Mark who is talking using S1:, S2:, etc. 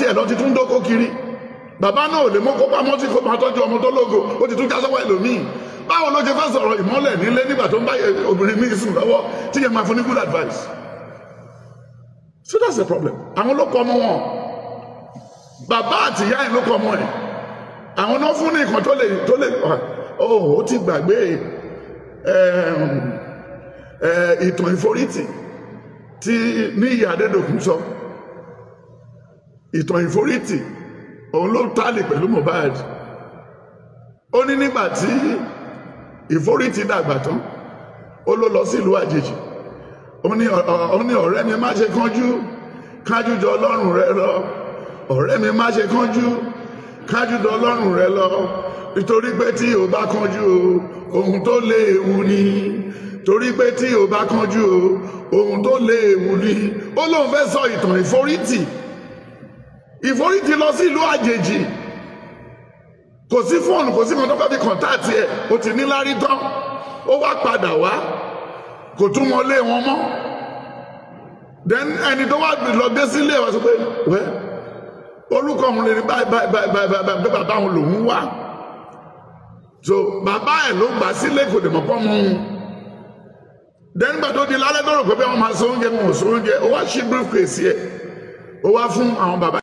S1: tiẹ̀ lọ ti tún dóko kiri bàbá náà lè mú kópa mọ́ tí tọ́jú ọmọ tó lógo ó ti tún já sọ́wọ́ ẹlòmíì báwo ló ṣe fẹ́ sọ̀rọ̀ ìmọ́lẹ̀ nílé nígbà tó ń bá obìnrin míì sùn lọ́wọ́ tí yẹn máa fún ní good advice so that's the problem àwọn ló kọ ọmọ wọn bàbá àtìyá ẹ̀ ló kọ ọmọ ẹ̀ àwọn náà fún ní nǹkan tó lè tó lè oh ó ti gbàgbé ìtàn ìforítì tí ní ìyá Adédọ̀kun sọ ìtàn ìforítì òun ló tálè pẹ̀lú Mohbad ó ní nígbà tí ìforítì dàgbà tán ó ló lọ sí ìlú àjèjì ó ní ọ̀rẹ́ mi má ṣe kánjú kájú jọ ọlọ́run rẹ lọ ọ̀rẹ́ mi má ṣe kánjú kájú jọ ọlọ́run rẹ lọ nítorí pé tí o bá kánjú o ohun tó léwu ni torí pé tí o bá kánjú o ohun tó léwu ni ó lóun fẹ́ sọ ìtàn ìforítì ìforítì lọ sí ìlú àjèjì kò sí fóònù kò sí kan tó fẹ́ fi kọ̀ǹtáàtì ẹ̀ o ti ní lárí tán ó wá padà wá kò tún wọn lé wọn mọ́ then ẹni tó wá lọ dé sílé wa sọ pé wẹ́ orúkọ òun lè ní báyìí báyìí báyìí báyìí pé bàbá òun lòún wà so bàbá ẹ̀ ló gbà sílé kò dè mọ́ pọ́ mọ́ òun then nígbà tó di lálẹ́ tó rò pé bí wọ́n máa so oúnjẹ wọn ò so oúnjẹ ó wá ṣí briefcase yẹ ó wá fún àwọn bàbá.